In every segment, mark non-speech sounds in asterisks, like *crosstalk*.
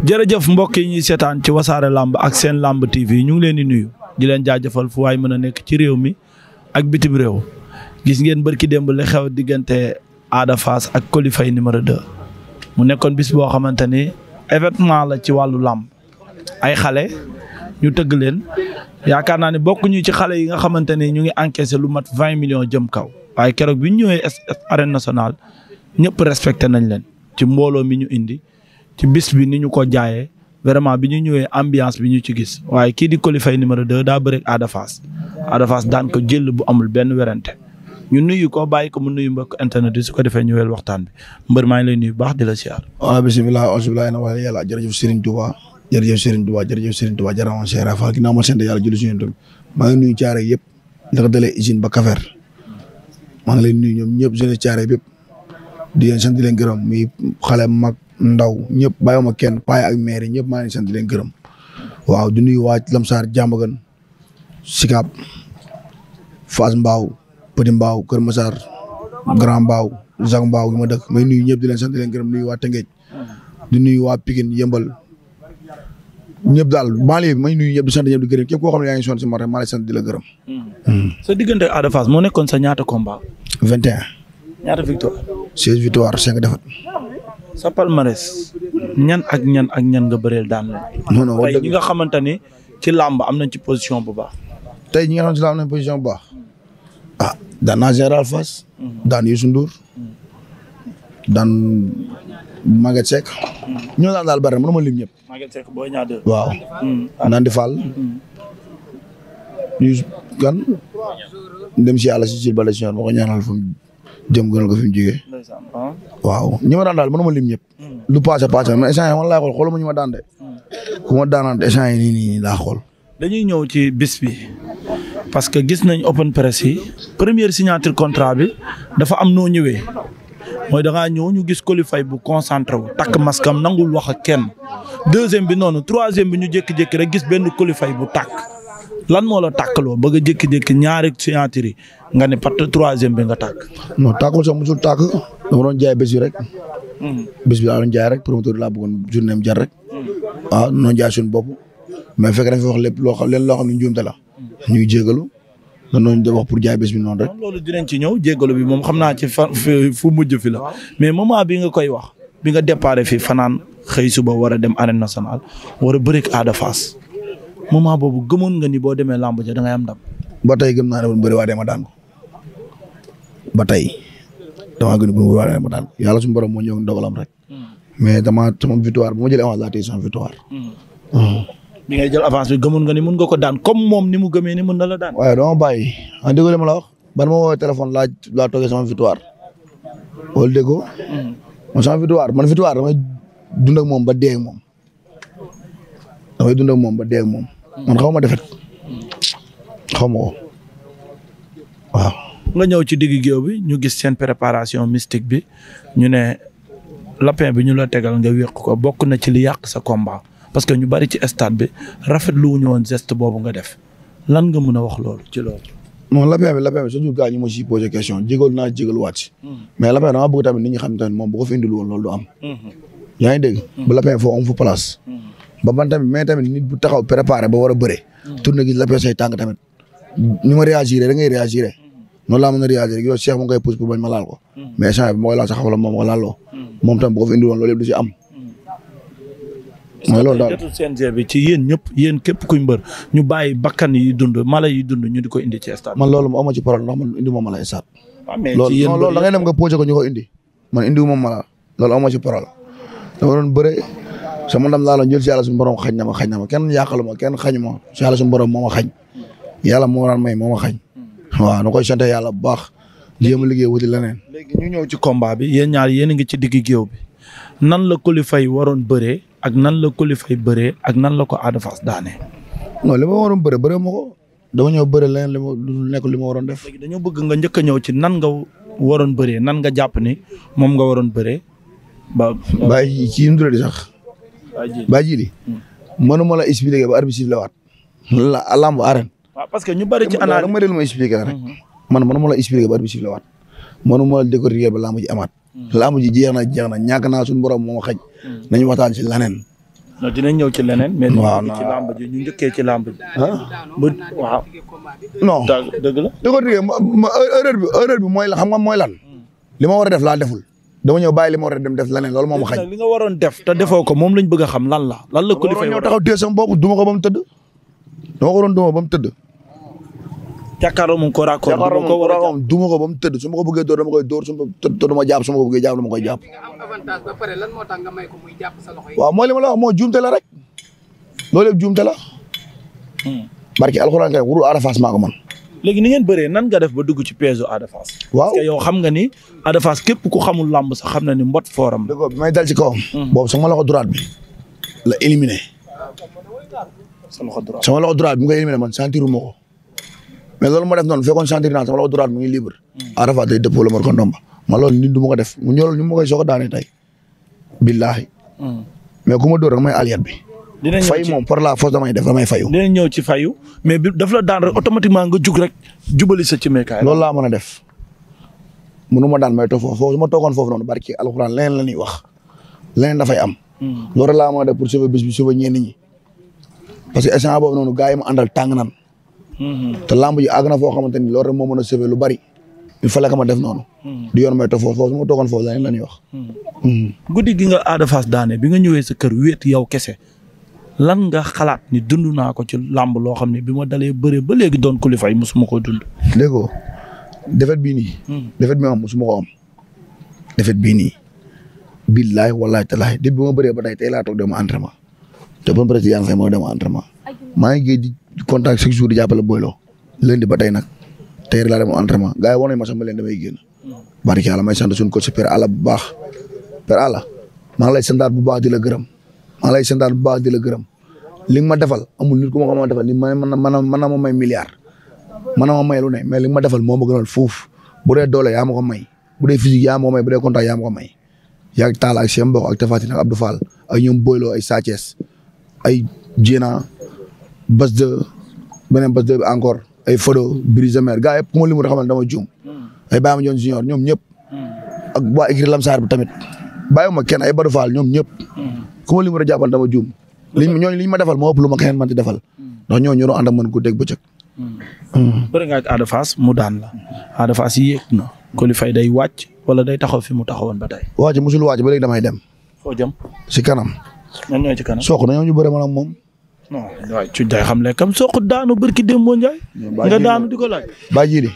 jërëjëf mbokk yi ñuy seetaan ci wasaare làmb ak seen lamb TV ñu ngi leen di nuyu di leen jaajëfal fu waay mën a nekk ci réew mi ak bitim réew gis ngeen bërki démb li xew diggante aada Fass ak kolifay Faye numéro 2. mu nekkoon bis boo xamante ni événement la ci wàllu làmb ay xale ñu tëgg leen yaakaar naa ne bokkuñu ci xale yi nga xamante ni ñu ngi encaissé lu mat vingt million jëm kaw waaye keroog bi ñu ñëwee arène nationale ñëpp respecté nañ leen ci mbooloo mi ñu indi. ci bis bi ni ñu ko jaayee vraiment bi ñu ñëwee ambiance bi ñu ci gis waaye kii di Coly Faye numéro daa bëre ak Ada Fass Ada Fass ko jël bu amul benn werante ñu nuyu ko bàyyi ko mu nuyu mbokk internet yi su ko defee ñëweel waxtaan bi mbër maa ngi lay nuyu baax di la siyaar. waaw bisimilah alhamdulilah na wala yàlla jërëjëf Serigne Touba jërëjëf Serigne Touba jërëjëf Serigne Touba jaramoon Cheikh Rafa ginnaaw ma sant yàlla julli suñu tur maa ngi nuyu caare yëpp ndax dalee usine ba Kafer maa ngi lay nuyu ñoom ñëpp jeunesse caare yëpp di leen sant di leen gërëm muy xale mag ndaw ñëpp ma kenn paay ak maire ñëpp maa ngi sant di leen gërëm waaw di nuyu waa Lamsaar Jàmbagan Sikaab Fass Mbaaw Petit Mbaaw Kër Masaar Grand Mbaaw Zac Mbaaw gi ma dëkk may nuyu ñëpp di la sant di leen gërëm nuyu waa Tëngéej di nuyu waa Pikine yëmbal ñëpp daal banlieue bi may nuyu ñëpp di sant ñëpp di gërëm képp koo xam ne yaa ngi sonn si ma rek maa lay sant di la gërëm. Hmm. sa diggante Ada nekkoon sa ñaata combat. ñaata victoire. seize victoire cinq défaites. sa palmarès ñan ak ñan ak ñan nga bëreel daan la. non non tey ñi nga xamante ni ci làmb am nañ ci position bu baax. tey ñi nga xam ci làmb am bu baax. ah daan naa Général Fass. Mm-hmm. daan Youssou Ndour. ñoo mm-hmm. daan mm-hmm. daal bari na mënuma lim ñëpp. Maguette Seck booy ñaar deux. waaw. Nandi Fall. Youssou kan. dem si yàlla si si bala si ñaar ko ñaanal fu mu jëm gënal ko fi mu jógee. Ah. waaw ñi ma daan daal mënuma lim ñëpp. Hmm. lu passé passé mais échange man laa xool xooluma ñu ma daan de. Hmm. ku ma daanante échange nii nii laa xool. dañuy ñëw ci bis bi parce que gis nañ open press yi première signature contrat bi dafa am noo ñëwee mooy da ngaa ñëw ñu gis Coly bu concentré wu takk maskam nangul wax ak kenn deuxième bi noonu troisième bi ñu jékki-jékki rek gis benn Coly bu tàkk lan moo la tàkkaloo bëgg a jékki-jékki ñaari signature yi. nga ne pat troisième bi nga tàkk. non tàkkul sax musul tàkk dama doon jaay bés yi rek. Hmm. bés bi laa rek promoteur laa bëggoon journée am jar rek. Hmm. ah noonu jaay suñu bopp. mais fekk dañ fi wax lépp loo xam leen loo xam ne njuumte la. Hmm. ñuy jégalu. noonu la ñu pour jaay bés noonu rek. loolu dinañ ci ñëw jégalu bi moom xam naa ci fa fu mujj fi la. Ah. mais moment bi nga koy wax. bi nga déparé fii fanaan xëy suba war a dem arène nationale war a bëreeg Ada ma moment boobu gëmoon nga ni boo demee làmb ja da ngay am ndam. ba tey gëm naa ne woon bëri waa dee ma daan ko ba tey damaa gën a bu ma ma daan yàlla suñu borom moo ñëw ndogalam rek. mais dama sama victoire bu ma jëlee avance laa tey sama victoire. Hmm. bi ngay jël avance bi gëmoon nga ni mun nga ko daan comme moom ni mu gëmee ni mun na la daan. waaye dama bàyyi ah déggoo ma wax ma woowee téléphone laa laa toogee sama victoire. wala déggoo. Hmm. man sama moom ba dee ak moom. moom ba dee ak moom. man xaw ma defet hmm. xaw ma nga ñëw ci digg géew bi ñu gis seen préparation mystique bi ñu ne lapin bi ñu la tegal nga wéq ko bokk na ci li yàq sa combat parce que ñu bari ci stade bi rafetlu wu ñu woon geste boobu nga def lan nga mën a wax loolu ci loolu. non lapin bi lapin bi surtout gars ñi ma si posé question jégalu naa jégaluwaat si. Hmm. mais lapin dama bëgg tamit nit ñi xam tamit moom bu ko fi indil woon loolu du am. Hmm. yaa ngi dégg. Hmm. ba lapin foo ba man tamit mais tamit nit a réagiré. noonu laa mën a réagir rek yow Cheikh mu ngi koy pousse pour bañ ma laal ko. Hmm. mais échange bi ma koy laal sax xaw ma la moom ma ko laal loo. Hmm. moom tam bu ko fi indiwoon loolu yëpp du ci am. Hmm. mooy loolu daal jotul CNG bi ci yéen ñëpp yéen képp kuy mbër ñu bàyyi bakkan yi dund mala yi dund ñu di ko indi ci stade. man loolu ma amoo ci problème ndax man indi ma mala stade. waaw ah, mais ci yéen loolu da ngay dem nga posé ko ñu ko indi. man indi wu ma mala loolu amoo ci problème dama doon bëre sama ndam laa la jël si yàlla suñu borom xañ na ma xañ na ma kenn yàqalu ma kenn xañu ma si yàlla suñu borom moo ma xañ yàlla moo daan may moo ma xañ waaw na koy sant bu baax. jéem a liggéey wuti leneen. léegi ñu ñëw ci combat bi yéen ñaar yéen a ngi ci digg géew bi nan la Coly Faye waroon bëree ak nan la Coly Faye bëree ak nan la ko Ada daane. non li ma waroon bëree bëree ma ko dama ñëw bëree leneen li ma lu nekk li ma waroon def. léegi dañoo bëgg nga njëkk a ñëw ci nan nga waroon bëree nan nga jàpp ni moom nga waroon bëree ba. bàyyi ci yim di sax. bàyyi hmm. la waat. la làmb arène waaw ah, parce que ñu bari ci ana ma leen la expliqué ba at la waat manuma la mhm. jeex na jeex naa suñu borom moo xaj. Mhm. nañu waxtaan ci leneen. non dinañ ñëw ci leneen. mais ñu ci làmb ci làmb ji. waaw. non dëgg la. décortiqué bi erreur bi mooy la xam nga mooy lan. Mhm. li ma war a def laa deful. dama ñëw bàyyi li ma war a dem def leneen loolu moom ma xañ. li nga waroon def te defoo ko moom lañ bëgg a xam la. lan la ko defee waroon ñëw taxaw dee sama bopp duma ko ba mu tëdd. dama ko waroon duma ba mu tëdd. jàkkaarloo mu ko raakoon. jàkkaarloo mu ko du ma ko ba mu tëdd su ma ko bëggee door dama koy door su ma ko bëggee jàpp dama koy waaw mooy ma la wax moo juumte la rek loolu yëpp juumte hmm. barke alxuraan kay wuru Ada Fass man léegi ni ngeen bëree nan nga def ba dugg ci peesu waaw parce que yow xam nga ni Ada Fass képp ku xamul làmb sax xam na ni mbot fooram. dëgg bi may dal ci kawam. Hmm. boobu sama loxo droite bi la éliminé. sama loxo droite bi mu koy éliminé man sentiruma ko. mais loolu ma def noonu fekkoon sentir naa sama loxo droite mu ngi libre. Arafa day dëppoo la mar ko ndomba ma loolu nit du ma ko def mu ñëw ma a daane tey. billahi mais ku ma dóor rek may aliyat bi. dinañ fay moom par la force damay daan rek automatiquement nga jug rek jubali sa ci laa mën a def mënu ma daan may toog foofu ma toogoon foofu noonu barki alxuraan leneen la ñuy wax leneen nafay am. Hmm. loolu laa mën a def pour sauver bés bi sauver ñenn ñi parce que instant boobu noonu gars yi ma àndal tàng nan te lamb ji àgg na foo xamante ni loolu rek moo ma a sauver lu bari. il fallait que ma def noonu. Hmm. di yoon may to foofu foofu su ma toogoon foofu la ñuy wax. Hmm. Hmm. guddi gi nga Ada Fass daane bi nga ñëwee sa kër wéet yow kese lan nga xalaat ni dund naa ko ci làmb loo xam ne bi ma dalee bëre ba léegi doon kilifa yi mosuma ko dund. dégg defet bii nii. defet bi ma am mosuma ko am. defet bii nii. billaay wallaay talaay depuis bi ma bëree ba tey tey te bonne pratique yan fay mooy dem entraînement maa ngi géej di contact chaque jour di jàppale boyloo lundi ba tey nag tey laa dem entraînement gars yi woon nañu ma sax ma leen damay génn barki yàlla may sant suñu coach Père Alla bu baax Père Alla maa lay santaat bu baax di la gërëm maa ngi lay santaat bu baax di la gërëm li nga ma defal amul nit ku ma ko ma defal ni ma man man ma may milliard man ma may lu ne mais li ma defal moo ma gënal foofu bu dee doole yaa ma ko may bu dee physique yaa ma ko may bu dee contact yaa ma ak seen mbokk ak Tapha Tine ak Abdou Fall ak ñoom Boylo ay Sathiès ay Diena bas de beneen bas de encore ay Fodo Brise Mer gars yëpp ku ma limut xamal dama juum hmm. ay Baye Mandione junior ñoom ñëpp hmm. ak waa écrit Lamsaar bi tamit bàyyiwuma kenn ay Badou Fall ñoom ñëpp hmm. ku ma limut jàppal dama juum liñ ñooñu liñ ma defal moo ëpp lu ma keneen man di defal ndax ñooñu ñoo ànd ak man guddeeg bëccëg. bëri nga ak Ada mu daan la Ada Fass yéeg na Coly Faye day wàcc wala day taxaw fi mu taxawoon ba tey. wàcc musul wàcc ba léegi damay dem. foo jëm si kanam. ñoom ñooy ci kanam soq dañoo ñu bëre maanaam moom. non waaye ci day xam ne moo njaay. nga daanu di ko laaj. baa ji di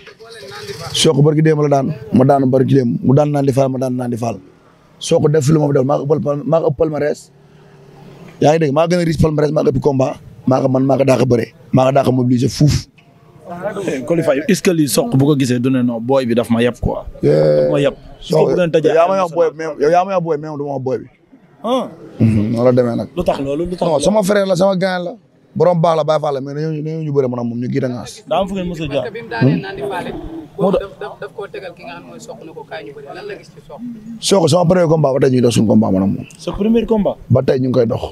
soq barki la daan ma daanu barki démb mu daan naan ma daan naan di faal soq def fi lu ma fi def yaa ngi dégg maa gën a riche ko ëpp combat man maa ko maa ko daa ko mobiliser fuuf. Eh, qualifié est bu ko gisee du ne non booy bi daf ma yeb quoi. Eh, daf ma yeb. soq yaa ma wax booy bi mais yow yaa ma booy bi mais du ma booy bi. Mhm, noonu la demee nag. lu tax loolu lu sama frère la sama gaañ la. borom baax la bàyyi faa la mais dañoo dañoo ñu bëre da ngaa si. daa am fu a hmm? la gis ci soq. soq sama premier combat ba tey ñu ngi dox suñu combat maanaam moom. ba tey ñu koy dox.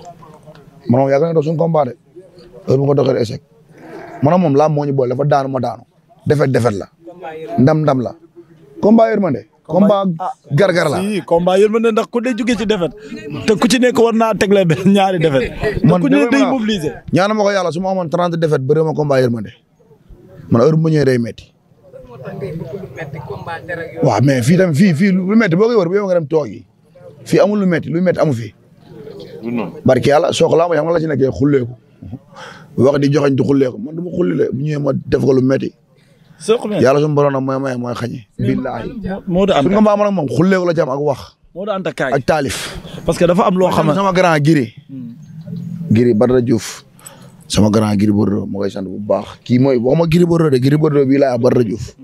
maanaam yàgg na dox suñu combat de heure bu ko doxee échec maanaam moom laa moo ñu boole dafa daanu ma daanu defet defet la ndam ndam la combat yërmande combat ah. gargar la si combat yéen mën ne ndax ku dee jógee ci defet te ku ci nekk war naa tegle benn ñaari defet man ku ne day mobilisé ñaana ma ko yàlla su ma amoon trente defet bëri ma combat yéen ma de man heure bu ñëwee day metti waaw mais fii tam fii fii lu metti boo koy war bu yow nga dem toog yi fii amul lu metti lu metti amu fi barki yàlla soo ko laa la ci nekkee xulleeku wax di joxañ di xulleeku man du ma xulli le bu ñëwee ma def ko lu yàlla suñu borom nag mooy maye mooy xañi billaahi su nga mbaa man ak moom xulleeku la jam ak wax ak taalif parce que dafa am loo xam ne sama grand giri giri Badara Diouf sama grand giri Bordeaux ma koy sant bu baax kii mooy waxuma giri Bordeaux de giri Bordeaux bii laay Badara Diouf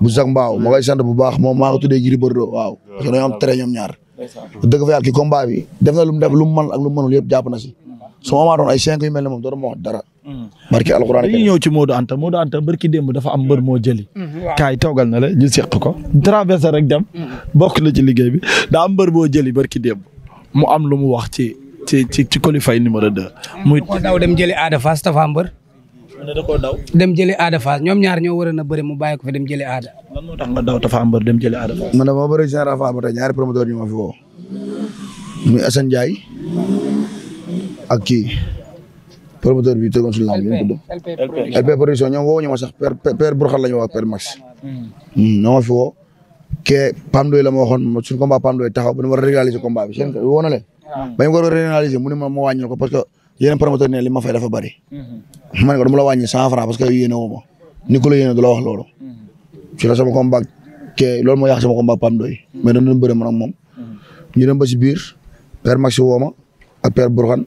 bu sax mbaaw ma koy sant bu baax moom maa ko tuddee giri Bordeaux waaw parce que dañoo am tere ñoom ñaar dëgg fa yàlla ki combat bi def na lu mu def lu mu mën ak lu mu mënul yëpp jàpp na si su ma amaatoon ay cinq yu mel ne moom dootuma wax dara barki alxuraan dañuy ñëw ci Modou Anta Modou Anta démb dafa am mbër moo jëli. Mm-hmm. kaay toogal na la ñu seq ko. traversé rek dem. Mm-hmm. bokk na ci liggéey bi daa am mbër moo jëli barki démb mu am lu mu wax ci ci ci ci Colifay numéro 2. Mm-hmm. muy da koo daw dem jëli Ada Fass Tafa Mbër. da koo daw dem jëli Ada Fass ñoom ñaar ñoo waroon a bëri mu bàyyi ko fi jëli Ada. lan moo tax nga daw Tafa Mbër dem jëli Ada Fass. man de maa bëri Général Fass ba tey ñaari promoteur ñu ma fi woo. muy Assane Ndiaye ak kii. promoteur bi tëggoon suñu lamb ñu tudd LP production ñoom woo ñu ma sax père père Bourkhane la ñu woo ak père Max ñoo ma fi woo ke Pam Doy la ma waxoon suñu combat Pam Doy taxaw ba ñu war a régulariser combat bi seen woo na leen ah. ba ñu ko war a régulariser mu ne ma ma wàññil ko parce que yéen promoteur ne li ma fay dafa bëri mm-hmm. ma ne ko dama la wàññi cent franc parce que yéene woo ma ni ko la yéene du la wax loolu mm-hmm. ci la sama combat ke loolu moo yàq sama combat Pam Doy mm-hmm. mais dañu doon bëri man ak moom ñu dem ba si biir père Max woo ma ak père Bourkhane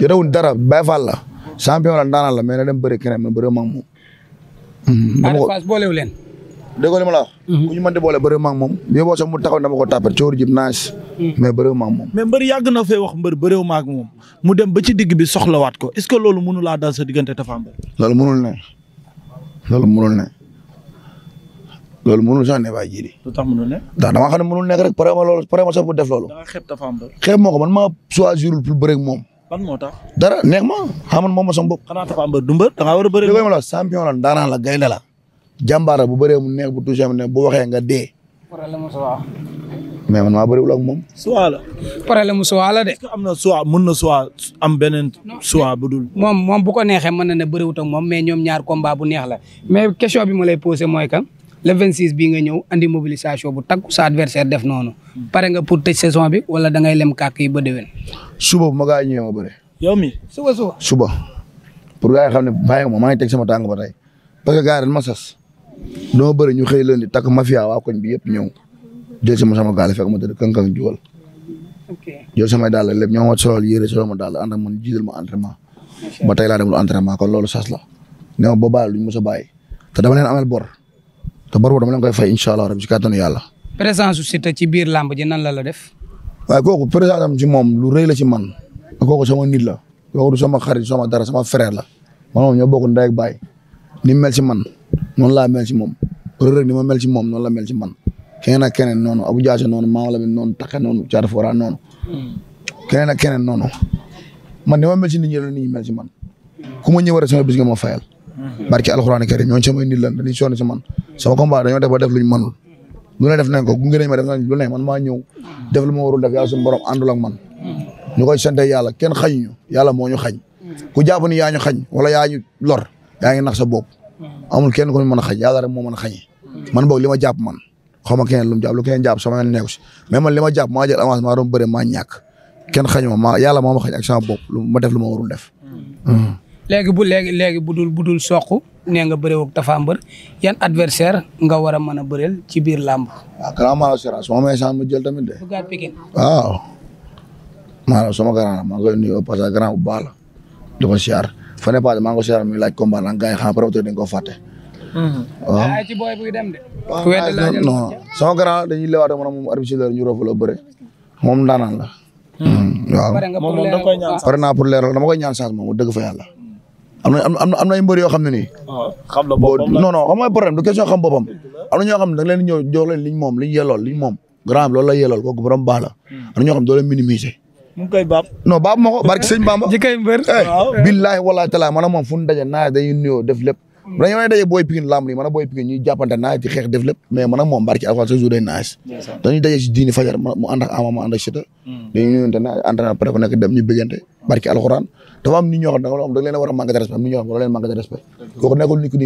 yorewul dara Baye Fall la champion la ndaanaan la mais na dem bëri keneen man bëri ma ak moom. Hmm, dama ko Fass boolewu leen. déggoo li ma la wax. bu hmm. ñu boole bëri moom. yow boo sax mu taxaw dama ko tàppale coori jib naas. Hmm. mais bëriwu ma ak moom. mais yàgg na fee wax mbër bëriwu ma ak mu dem ba ci digg bi soxlawaat ko est-ce que loolu mënu laa dal sa diggante Tapha Mbeur. loolu mënul ne loolu mënul ne loolu mënul sax ne baa ji di. lu tax mënul ne. ndax dama ne mënul nekk rek pare ma loolu pare def loolu. da nga man maa choisirul pour bëre ak ban moo tax. dara neex ma xam nga moom ma sama bopp. xanaa Tapha Mbeur du mbër da ngaa war a bëri. la champion la daanaan la gaynde la. bu bëree mu neex bu toujours mu neex bu waxee nga dee. problème mu suwaa. mais man maa bëriwul moom. suwaa la. problème la de. est-ce na suwaa mën na suwaa am beneen. suwaa bu dul. moom moom bu ko neexee mën na na bëriwut ak moom mais ñoom ñaar combat bu neex la mais question bi ma lay posé mooy kan. le 26 bii nga ñëw andi mobilisation bu takku sa adversaire def noonu. pare nga pour tëj saison bi wala da ngay lem kàkk yi ba déwén. suba bu ma gaa ñëwee ma bëre. yow mi suba suba. suba pour gars xam ne bàyyi ma maa ngi teg sama tàng ba tey ma sas doo bëri ñu xëy lundi ma mafia waa koñ bi yëpp ñëw jël sama sama gaale fekk ma tëdd kankan juwal. ok jël samay dàll lépp ñoo ma solal yére solal ma dàll ànd ak man jiital ma entraînement. ba tey laa demul entraînement kon loolu sas la. ne ma ba baal duñ mos a bàyyi te dama leen amal bor. te bor boobu dama leen koy fay incha allah rabbi ci kàttanu yàlla. présence su Siteu ci biir làmb ji nan la la def. waaye kooku présence am moom lu rëy la ci man kooku sama nit la kooku du sama xarit sama dara sama frère la ma moom ñoo bokk ndey ak baay ni mel si man noonu laa mel ci moom Reug mel ci moom noonu la mel ci man keneen na keneen noonu Abou Diassé noonu Mama Lamine noonu Taxe noonu Thiatou Fora noonu. keneen na keneen noonu man ni ma mel ci nit ñi la nit ñi mel ci man ku ma barki alxuraan karim ñooñu samay nit lan dañuy sonn si man sama combat dañoo def ba def luñ mënul lu def nañ ko gunge ma def nañ lu ne man maa ma warul def yàlla suñu borom àndul ak man ñu koy sante yàlla kenn xañuñu yàlla moo ñu xañ ku jàpp ni yaa ñu xañ wala yaa ñu lor yaa ngi nax sa bopp amul kenn ku ñu mën a xañ yàlla rek moo mën a xañee man boog li ma jàpp man xaw ma keneen lu mu jàpp lu keneen jàpp sama mais man li ma jàpp maa jël avance maa doon bëre maa ñàkk kenn xañ ma maa yàlla moo ma xañ ak sama bopp lu ma def lu ma warul def hmm. léegi bu léegi léegi bu dul bu dul soq nee nga bëree woog Tapha Mbeur yan adversaire nga war a mën a bëreel ci biir làmb. waaw ah, grand maanaam assurance su ma amee ma jël tamit de. Bougar grand maa ngi koy nuyu bu baax la di ko siyaar fan yii passé siyaar mi laaj combat la gars yi xam promoteur dañ ko fàtte. Mm-hmm. waaw ay la non sama grand dañuy leewaatoo man moom arbitre la ñu roofu la moom ndaanaan la. Mm-hmm. Mm, da koy ñaan pare naa pour leeral dama koy ñaan chance moom dëgg fa am na am na am na ay mbër yoo xam ne nii. Ah, xam la boppam non du question xam boppam. am na ñoo xam ne da nga leen ñëw jox leen liñ moom liñ yelool liñ moom. grand loolu la yelool kooku borom baax la. am na ñoo xam ne doo leen minimiser. mu ngi koy baab. non baab ma ko barke sëñ Bamba. ji koy eh, naa dañuy nuyoo def lépp. dañu mm. may daje booy Pikine lamb nii man a booy Pikine ñuy jàppante naa ci xeex def lépp mais man ak moom barki alxuraan sa jour day naaj dañuy daje ci diini fajar mu ànd ama mu ànd ak sita mm. dañu ñëwante na entraînement pare ku nekk dem ñu bëggante barki alxuraan dafa am nit a war a manque respect am nit ñoo xam ni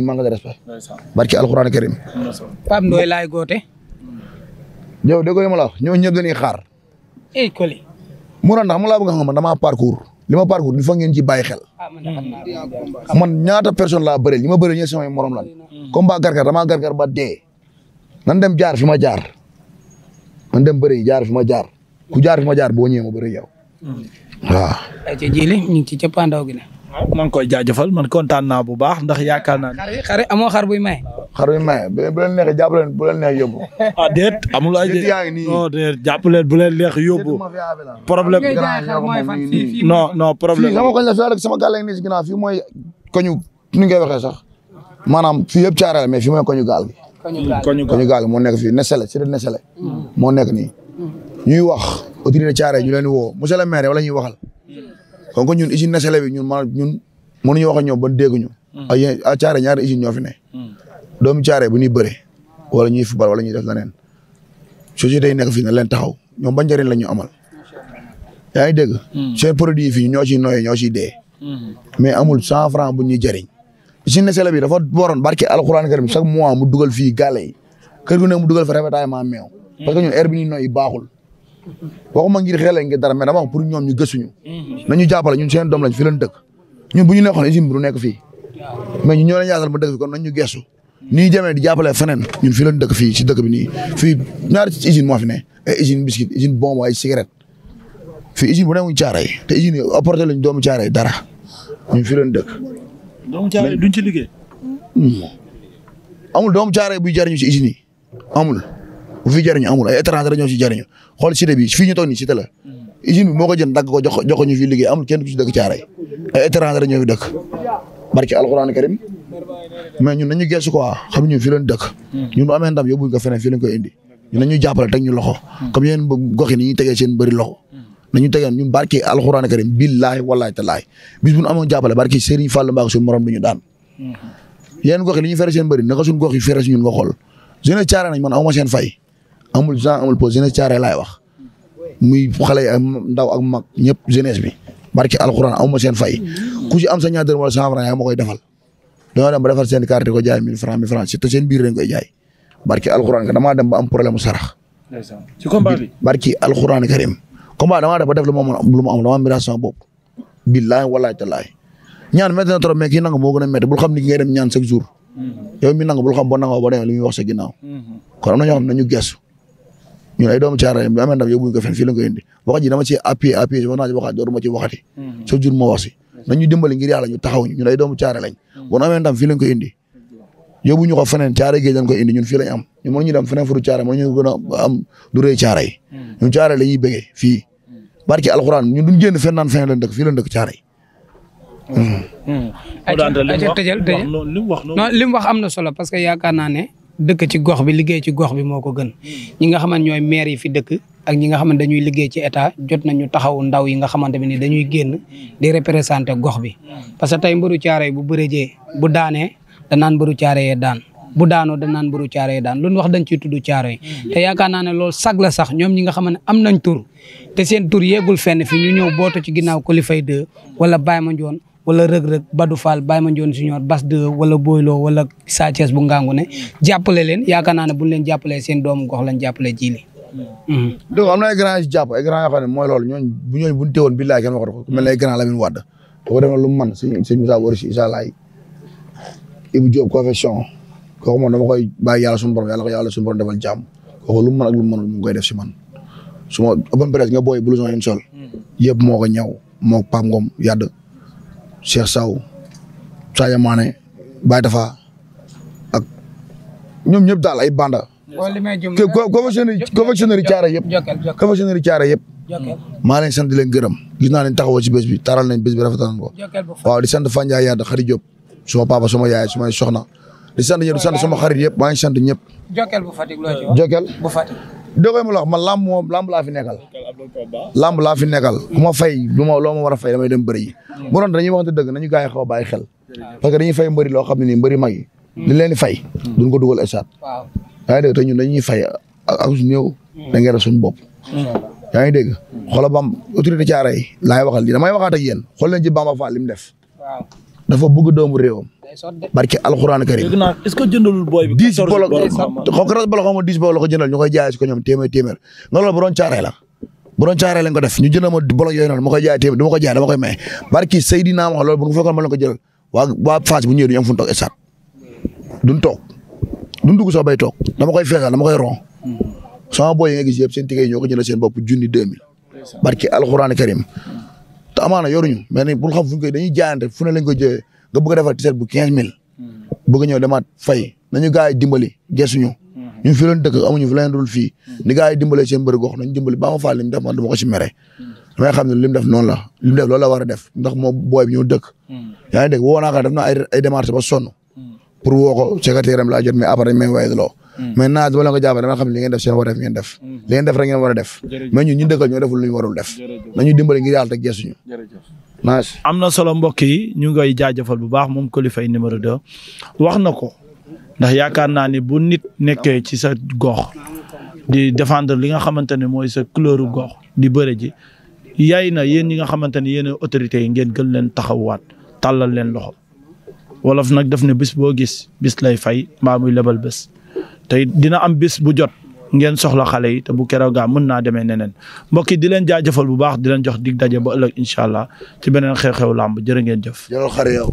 manque de respect barki alxuraan karim Pape Ndoye laay goote yow dégg nga ma la ñoo ñëpp dañuy xaar mu na ndax mu laa bëgg xam man parcours li ma parcours il faut ngeen ci bàyyi xel. Ah, man ñaata personne laa bëreel ñi ma bëreel ñooy samay morom lan. combat gargar damaa gargar ba dee. nan dem jaar fi ma jaar nan dem bëri jaar fi ma jaar ku jaar fi ma jaar boo ñëwee ma bëri yow. waaw. ayca maa ngi koy jaajëfal man kontaan naa bu baax ndax yaakaar naa. xar yi xar yi amoo xar bu leen neexee jàpp leen bu leen neex yóbbu. *laughs* ah déet amul ay non bu leen neex yóbbu. problème non non problème. fii koñ la fii rek sama gàllankoor nii si ginnaaw mooy koñu nu ngay waxee sax maanaam fii yëpp caare la mais fii mooy koñu gaal gi. koñu gaal gi moo nekk fii Nesele si Nesele. moo nekk nii. Mm. ñuy wax autorité caare ñu leen woo monsieur le maire wala ñuy waxal kon ñun usine Nestlé bi ñun ma ñun mënuñu wax ak ñoom ba dégguñu. Hmm. ay a à Thiaré ñaari usine ñoo fi ne. Hmm. doomu Thiaré bu ñuy bëre wala ñuy football wala ñuy def leneen société yi nekk fii na leen taxaw ñoom ba njëriñ la ñu amal. yaa ngi dégg. Hmm. seen produit fii ñoo ciy noyyi ñoo ciy dee. mais amul cent franc bu ñuy jëriñ. usine Nestlé bi dafa waroon barke alxuraan karim chaque mois mu dugal fii gàlle yi kër gu ne mu dugal fa ravitaillement meew. parce que ñun air bi ñuy baaxul. waxuma ngir xeele ngir dara mais dama wax pour ñoom ñu gëstuñu. Mhm. ñu jàppale ñun seen doom lañ fi leen dëkk. ñun bu ñu nekkoon usine bi du nekk fi mais ñu ñoo leen yaasal mu dëkk fi ñu gëstu nii demee di jàppale feneen ñun fi leen dëkk fii si dëkk bi nii fii ñaari usine moo fi ne ay usine biscuit usine bonbon ay cigarette fii usine bu ne mu caaray te usine apporté lañ doomu caaray dara ñun fi leen dëkk. doomu caaray duñ ci liggéey. Hmm. amul doomu caaray buy jariñu si usine yi amul. bu fi jariñu amul ay étranger dañoo ci jariñu xool cité bi fii ñu toog nii cité la usine bi moo ko jënd dagg ko jox ñu fi liggéey amul kenn ku ci dëkk caaray ay étranger dañoo fi dëkk barki alxuraan karim mais ñun nañu geesu quoi xam ñun fi leen dëkk ñun bu amee ndam yóbbuñ ko feneen fi leen koy indi ñun nañu jàppale teg ñu loxo comme yéen gox ni ñuy tegee seen bëri loxo nañu tegee ñun barki alxuraan karim billahi wallahi talaay bis bu ñu amoon jàppale barki Serigne Fall Mbacké suñu morom duñu yi li amul genre amul pause jeunesse caaree laay wax muy xale yi ndaw ak mag ñëpp jeunesse bi barki alxuraan amu ma seen fay ku ci am sa ñaar dërëm wala cent franc yaa ma koy defal dañoo dem ba defal seen carte di ko jaay mille franc mille franc si te seen biir lañ koy jaay barki alxuraan damaa dem ba am problème sarax. ci combat bi barki alxuraan karim damaa dem ba def lu ma am damaa miraas sama bopp. billaay walaay talaay ñaan métti na trop mais kii nangu moo a mm-hmm. mm-hmm. kon am ñun ay doomu caara bi amee ndam yóbbuñu ko fenn fii la ko indi wax ji dama ci appuyé appuyé mhm. si wax ñu taxaw ñun ay doomu caara lañ mhm. bu ñu amee ndam ko indi yóbbuñu ko feneen caara géej lañ indi ñun fii am ñun mënuñu dem feneen furu caara mënuñu gën a caara yi mhm. ñun caara la ñuy bëggee fii barki alxuraan ñun duñ génn fenn naan feneen lañ dëkk fii lañ dëkk caara yi li mu wax am na solo parce que yaakaar dëkk ci gox bi liggéey ci gox bi moo ko gën ñi nga xamante ñooy maire yi fi dëkk ak ñi nga xamante dañuy liggéey ci état jot nañu taxawu ndaw yi nga xamante ne dañuy génn di représenté gox bi parce que tey mbëru caare bu bërëjee bu daanee danaan mbëru caare yee daan bu daanoo danaan mbëru caare yee daan loolu wax dañ ciy tudd caare yi te yaakaar naa ne loolu sag la sax ñoom ñi nga xam ne am nañ tur te seen tur yeegul fenn fi ñu ñëw booto ci ginnaaw Coly Faye 2 wala Baye Mandione wala rëg-rëg Badou Fall Baye Mandione Junior Bas de wala Boylo wala Sa Thiès bu ngangu ne jàppale leen yaakaar naa ne buñ leen jàppalee seen doomu gox lañ jàppale ji li hmm. donc am na ay grand yu jàpp ay grand ne mooy loolu ñooñ bu ñooñ buñ teewoon billaay kenn waxatu ko ku mel ne ay grand Lamine Wade boo demee lu mu mën sëñ sëñ Moussa Boris incha allah Ibou Diop confession kooku moom dama koy bàyyi yàlla suñu borom yàlla ko yàlla suñu borom defal jàmm kooku lu mu mën ak lu mu mënul mu koy def si man su ma open booy blouson yi mu sol hmm. yëpp moo ko ñëw moo ko Pape Ngom Cheikh Saw Sadio Mané Baye Dafa ak ñoom ñëpp daal ay banda conventionnaire conventionnaire caara yëpp conventionnaire caara yëpp maa leen sant di leen gërëm gis naa leen taxawoo ci bés bi taaral nañ bés bi rafetal nañ ko waaw di sant Fandiaye Yade Khady Diop suma papa suma yaay sumay soxna di sant ñëpp di sant suma xarit yëpp maa ngi sant ñëpp Jokal bu laa fi nekkal lamb laa fi nekkal ku ma fay lu a loo ma war a fay damay dem da yi bu doon dañuy waxante dëgg nañu gars yi a bàyyi xel parce que dañuy fay mbëri loo xam ne nii mbëri mag yi li leen di fay duñ ko dugal esat yaa ngi dégg te ñun dañuy fay ak su néew da ngay def suñu bopp yaa ngi dégg xoolal bam autorité caara yi laay waxal lii damay waxaat ak yéen xool leen Bamba Fall li dafa bëgg doomu réewam barke alxuraan karim est-ce que jëndalul booy bi dix bolo xaw ma dix bolo ko jëndal ñu koy la bu doon caaree ko def ñu jëndal ma bolok yooyu noonu ma koy jaay téeméer du ma jaay dama koy may waa waa bu ñëwee duñu am fu ñu toog stade duñ toog duñ dugg soo bay toog dama koy feesal dama koy ron sama boy yi nga gis yëpp seen ticket yi ñoo ko jëndal seen bopp junni deux mille barki alxuraan karim te amaana yoruñu mais bu ñu xam fu ñu koy dañuy jaayante fu ne lañ koy jëlee nga bëgg a defar ticket bu quinze mille bëgg ñëw demaat fay gaay dimbali gesuñu ñu fi leen dëkk amuñu fi leen dul fii ni gars yi dimbalee seen bëri gox nañ dimbali ba ma faal li mu def man dama ko a dëkk yaa a def hmm. hmm. hmm. a ñun dimbali ngir yàlla te geesuñu am na solo mbokk yi ñu ngay jaajëfal bu baax moom Coly Faye numéro 2 wax ko ndax yaakaar naa ni bu nit nekkee ci sa gox di défendre li nga xamante ne mooy sa couleur gox di bëre ji yay na yéen yi nga xamante ne yéen autorités yi ngeen gën leen taxawaat tàllal leen loxo wolof nag def ne bés boo gis bis lay fay mbaa muy lebal bés te dina am bés bu jot ngeen soxla xale yi te bu keroog mën naa demee neneen mbokk yi di leen jaajëfal bu baax di leen jox dig daje ba ëllëg incha allah ci beneen xew-xew làmb jërë ngeen jëf.